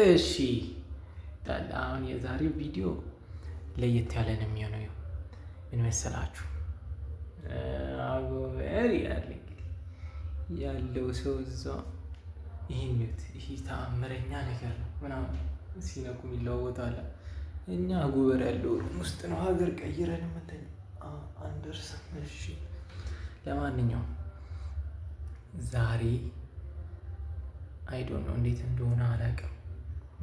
እሺ ይላል። አሁን የዛሬው ቪዲዮ ለየት ያለ ነው የሚሆነው። ምን መሰላችሁ? አጎበር ያለ ያለው ሰው እዛ ይህን ይህ ተአምረኛ ነገር ነው ምናምን ሲነቁም ይለዋወጣል። እኛ አጎበር ያለው ውስጥ ነው ሀገር ቀይረን ምንተኛ አንደርስ። እሺ ለማንኛውም ዛሬ አይዶ ነው እንዴት እንደሆነ አላውቅም።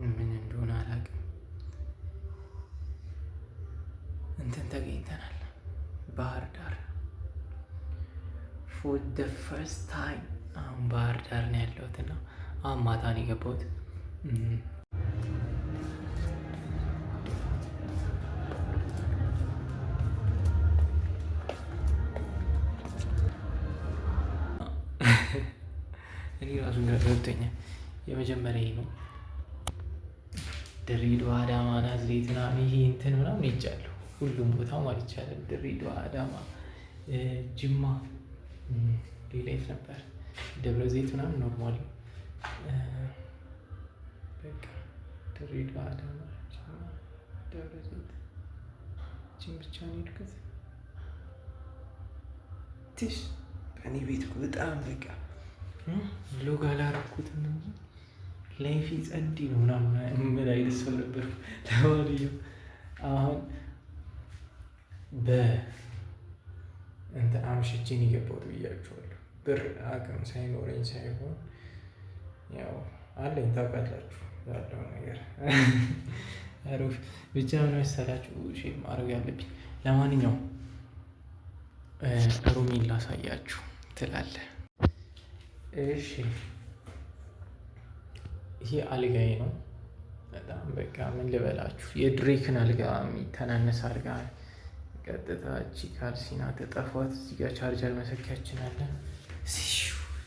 ምን እንደሆነ አላውቅም። እንትን ተገኝተናል ባህር ዳር ፎር ደ ፈርስት ታይም። አሁን ባህር ዳር ነው ያለሁት እና አሁን ማታ ነው የገባሁት። እኔ ራሱ ግራ ገብቶኛል። የመጀመሪያ ነው ድሬዳዋ፣ አዳማ፣ ናዝሬት ምናምን ይሄ እንትን ምናምን ሄጃለሁ። ሁሉም ቦታ ማለት ይቻላል። ድሬዳዋ፣ አዳማ፣ ጅማ፣ ሌላ የት ነበር? ደብረ ዘይት ምናምን ኖርማል። በቃ ድሬዳዋ፣ አዳማ፣ ጅማ፣ ደብረ ዘይት ጅም ብቻ ነው ትሽ እኔ ቤት በጣም በቃ ሎግ አላረኩትም እንጂ ላይፊ ጸዲ ነው ምናምን ምን አይነት ሰው ነበር። ለማንኛውም አሁን በእንተ እንትን አምሽቼን የገባሁት ብያችኋለሁ። ብር አቅም ሳይኖረኝ ሳይሆን ያው አለኝ ታውቃላችሁ ያለው ነገር ሩፍ ብቻ ምን መሰላችሁ ማድረግ ያለብኝ። ለማንኛውም ሩሚን ላሳያችሁ ትላለህ። እሺ ይሄ አልጋዬ ነው። በጣም በቃ ምን ልበላችሁ፣ የድሬክን አልጋ የሚተናነስ አልጋ ቀጥታ እቺ ካልሲና ተጠፏት። እዚጋ ቻርጀር መሰኪያችን አለ።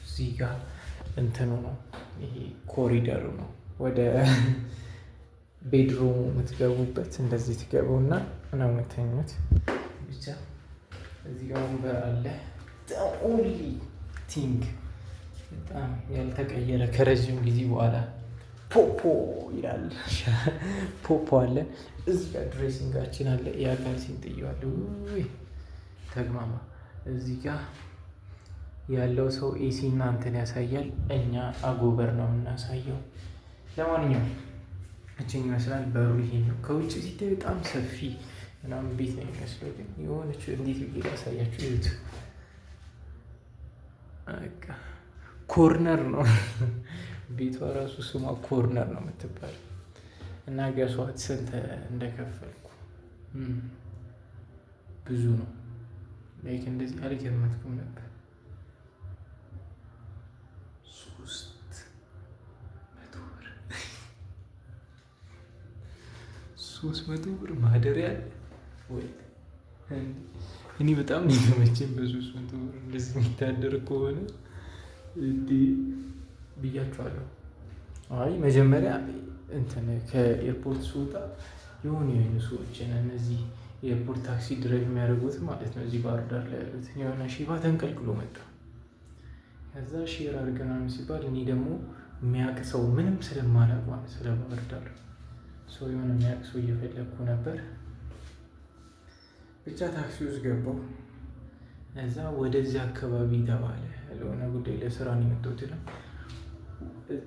እዚጋ እንትኑ ነው፣ ይሄ ኮሪደሩ ነው። ወደ ቤድሩሙ የምትገቡበት እንደዚህ ትገቡና ነው የምትኙት። ብቻ እዚህ ጋ ወንበር አለ። ኦንሊ ቲንግ በጣም ያልተቀየረ ከረዥም ጊዜ በኋላ ፖፖ ይላል። ፖፖ አለ። እዚ ጋር ድሬሲንጋችን አለ። የአካልሲን ሲንጥየው ተግማማ እዚህ ጋ ያለው ሰው ኤሲ እናንተን ያሳያል። እኛ አጎበር ነው የምናሳየው። ለማንኛውም እችን ይመስላል። በሩ ይሄ ነው። ከውጭ ሲታይ በጣም ሰፊ ምናምን ቤት ነው የሚመስለው፣ ግን የሆነች እንዴት ብዬ ላሳያችሁ? ይዩት። ኮርነር ነው ቤቷ ራሱ ስሟ ኮርነር ነው የምትባል እና ገሷት ስንት እንደከፈልኩ ብዙ ነው። ላይክ እንደዚህ አልገመትኩም ነበር። ሶስት መቶ ብር ሶስት መቶ ብር ማደሪያ ወይ እኔ በጣም ነው የመቼም በሶስት መቶ ብር እንደዚህ የሚታደር ከሆነ ብያቸዋለሁ። አይ መጀመሪያ እንትን ከኤርፖርት ስወጣ የሆኑ የሆኑ ሰዎችን እነዚህ የኤርፖርት ታክሲ ድራይቭ የሚያደርጉት ማለት ነው እዚህ ባህር ዳር ላይ ያሉት የሆነ ሼባ ተንቀልቅሎ መጣ። ከዛ ሼር አድርገና ሲባል እኔ ደግሞ የሚያውቅ ሰው ምንም ስለማላውቅ ማለት ስለ ባህር ዳር ሰው የሆነ የሚያውቅ ሰው እየፈለግኩ ነበር። ብቻ ታክሲ ውስጥ ገባው። እዛ ወደዚህ አካባቢ ተባለ ለሆነ ጉዳይ ለስራ ነው የመጣሁት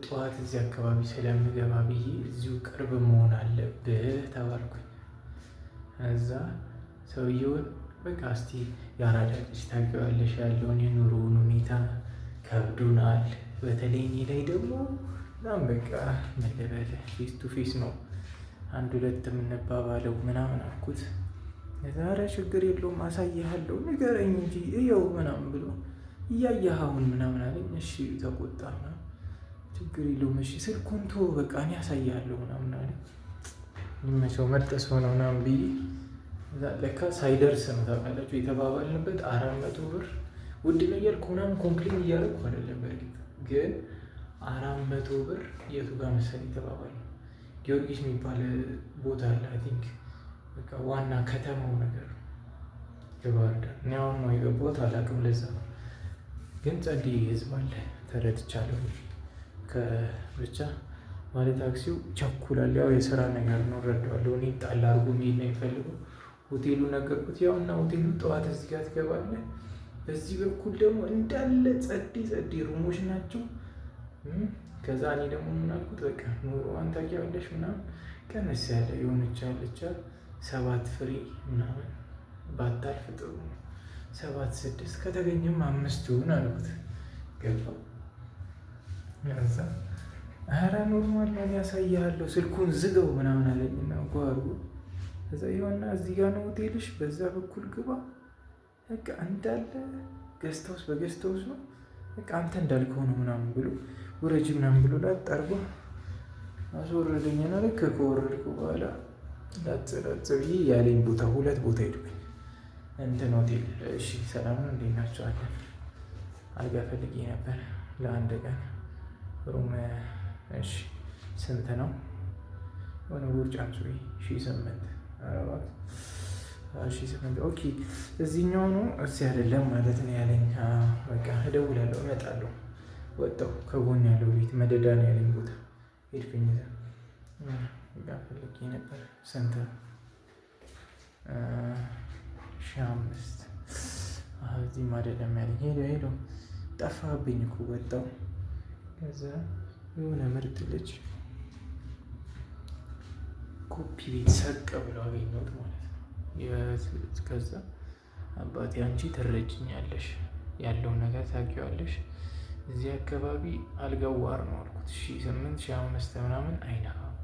ጠዋት እዚህ አካባቢ ስለምገባ ብዬ እዚሁ ቅርብ መሆን አለብህ ተባልኩኝ። እዛ ሰውየውን በቃ እስቲ የአራዳ ልጅ ታውቂዋለሽ፣ ያለውን የኑሮውን ሁኔታ ከብዱናል። በተለይ እኔ ላይ ደግሞ በጣም በቃ መለበለ ፌስ ቱ ፌስ ነው አንድ ሁለት የምንባባለው ምናምን አልኩት። ዛሬ ችግር የለውም አሳይሃለሁ፣ ንገረኝ እንጂ እየው ምናምን ብሎ እያየህ አሁን ምናምን አለኝ። እሺ ተቆጣ ምናምን ችግር የለውም እሺ፣ ስልኩን ቶ በቃ እኔ ያሳያለሁ ምናምን አለ። ይመቸው መርጠ ሰው ነው ምናምን ብዬ ለካ ሳይደርስ ነው ታውቃላችሁ የተባባልንበት አራት መቶ ብር ውድ ነው እያልኩ ምናምን ኮምፕሌን እያደረኩ አይደለም። በእርግጥ ግን አራት መቶ ብር የቱ ጋር መሰል የተባባል ጊዮርጊስ የሚባል ቦታ አለ። አይ ቲንክ በቃ ዋና ከተማው ነገር ከባህር ዳር እኔ አሁን ነው የገባሁት አላውቅም። ለዛ ግን ጸልዬ ህዝብ አለ ተረድቻለሁ። ከብቻ ማለት ታክሲው ቸኩላል። ያው የስራ ነገር ነው እረዳዋለሁ። እኔ ጣል አድርጎ መሄድ ነው የሚፈልገው። ሆቴሉ ነገርኩት። ያው እና ሆቴሉ ጠዋት እዚህ ጋር ትገባለህ። በዚህ በኩል ደግሞ እንዳለ ጸዴ ጸዴ ሩሞች ናቸው። ከዛ እኔ ደግሞ ምናልኩት በቃ ኑሮ ኑሮዋን ታውቂያለሽ ምናምን ቀነስ ያለ የሆነች አለች ሰባት ፍሬ ምናምን ባታልፍ ጥሩ ነው። ሰባት ስድስት ከተገኘም አምስት ይሁን አልኩት ገባ ያዛ ኧረ ኖርማል ነው ያሳያለሁ፣ ስልኩን ዝገው ምናምን አለኝና ጓሩ ከዛ የሆና እዚህ ጋ ነው ሆቴልሽ፣ በዛ በኩል ግባ። በቃ እንዳለ ገስታውስ በገስታውስ ነው በቃ አንተ እንዳልከው ነው ምናምን ብሎ ውረጅ ምናምን ብሎ ላጠርጎ አስወረደኝና ልክ ከወረድኩ በኋላ ላጸዳጸ ብዬ ያለኝ ቦታ ሁለት ቦታ ሄድኩኝ። እንትን ሆቴል እሺ፣ ሰላም ነው እንዴት ናቸዋለን አልጋ ፈልጌ ነበር ለአንድ ቀን ሩም እሺ ስንት ነው? የሆነ ጉርጫምሱ ሺ ስምንት አራት ሺ ስምንት ኦኬ። እዚህኛው ነው እዚህ አይደለም ማለት ነው ያለኝ። በቃ እደውላለሁ፣ እመጣለሁ። ወጣሁ ከጎን ያለው ቤት መደዳ ነው ያለኝ ቦታ ሄድኩኝ። ፈለጌ ነበር ስንት ሺ አምስት እዚህም አይደለም ያለኝ። ሄደው ሄደው ጠፋብኝ እኮ ወጣሁ ከዛ የሆነ ምርጥ ልጅ ኮፒ ቤት ሰቀ ብሎ አገኘሁት ማለት ነው። ከዛ አባቴ አንቺ ትረጅኛለሽ፣ ያለውን ነገር ታውቂዋለሽ። እዚህ አካባቢ አልገዋር ነው አልኩት። ሺ ስምንት ሺ አምስት ምናምን አይነካም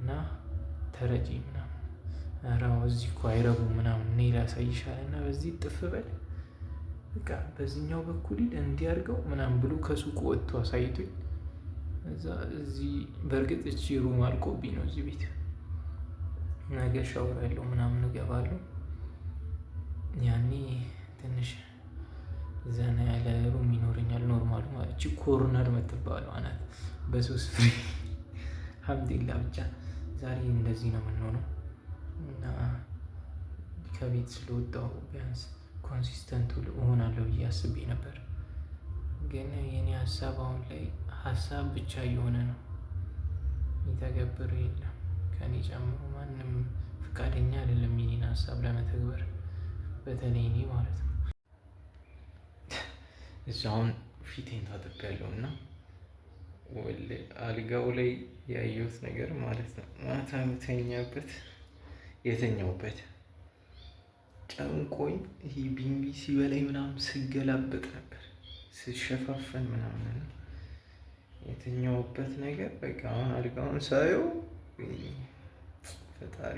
እና ተረጂ ምናምን ራው እዚህ እኮ አይረቡ ምናምን እኔ ላሳይሻል እና በዚህ ጥፍ በል በቃ በዚህኛው በኩል ሂድ እንዲያርገው ምናምን ብሎ ከሱቁ ወጥቶ አሳይቶኝ እዛ እዚህ በእርግጥ እቺ ሩም አልቆብኝ ነው እዚህ ቤት ነገ ሻወር ያለው ምናምን እገባለሁ። ያኔ ትንሽ ዘና ያለ ሩም ይኖረኛል። ኖርማሉ እቺ ኮርነር የምትባለው አናት በሶስት ፍሬ ሀምዴላ ብቻ ዛሬ እንደዚህ ነው የምንሆነው እና ከቤት ስለወጣሁ ቢያንስ ኮንሲስተንቱ እሆናለሁ ብዬ አስቤ ነበር። ግን የኔ ሀሳብ አሁን ላይ ሀሳብ ብቻ እየሆነ ነው። የተገብረው የለም ከኔ ጨምሮ ማንም ፈቃደኛ አይደለም የኔን ሀሳብ ለመተግበር በተለይ እኔ ማለት ነው። እዛ አሁን ፊቴን ያለው እና አልጋው ላይ ያየሁት ነገር ማለት ነው ማታ የምተኛበት የተኛውበት ጨንቆኝ ይሄ ቢንቢ ሲበላይ ምናምን ስገላበጥ ነበር ስሸፋፈን ምናምን የተኛውበት ነገር በቃ አሁን አልጋውን ሳየው ፈጣሪ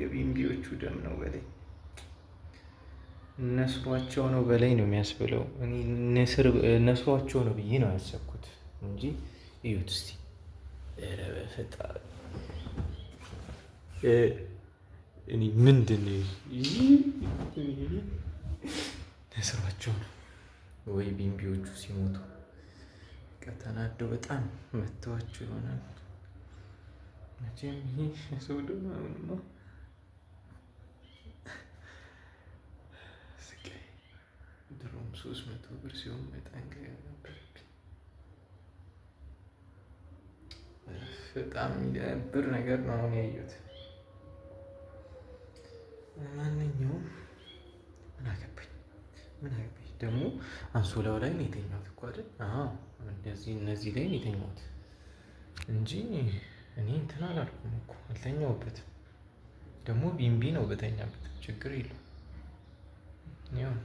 የቢንቢዎቹ ደም ነው በላይ ነስሯቸው ነው በላይ ነው የሚያስብለው። ነስሯቸው ነው ብዬ ነው ያሰብኩት እንጂ እዩት እስቲ በፈጣሪ እኔ ምንድን ስራቸው ነው ወይ? ቢንቢዎቹ ሲሞቱ ከተናደው በጣም መተዋቸው ይሆናል። መቼም ይሄ ሰው ደግሞ ስቃይ። ድሮም ሶስት መቶ ብር ሲሆን በጣም ነበረብኝ። በጣም የሚደብር ነገር ነው አሁን ያየሁት። ደግሞ አንሶላው ላይ ነው የተኛሁት እኮ አይደል? እንደዚህ እነዚህ ላይ ነው የተኛሁት እንጂ እኔ እንትን አላልኩም እኮ አልተኛሁበትም። ደግሞ ቢንቢ ነው በተኛበት ችግር የለውም።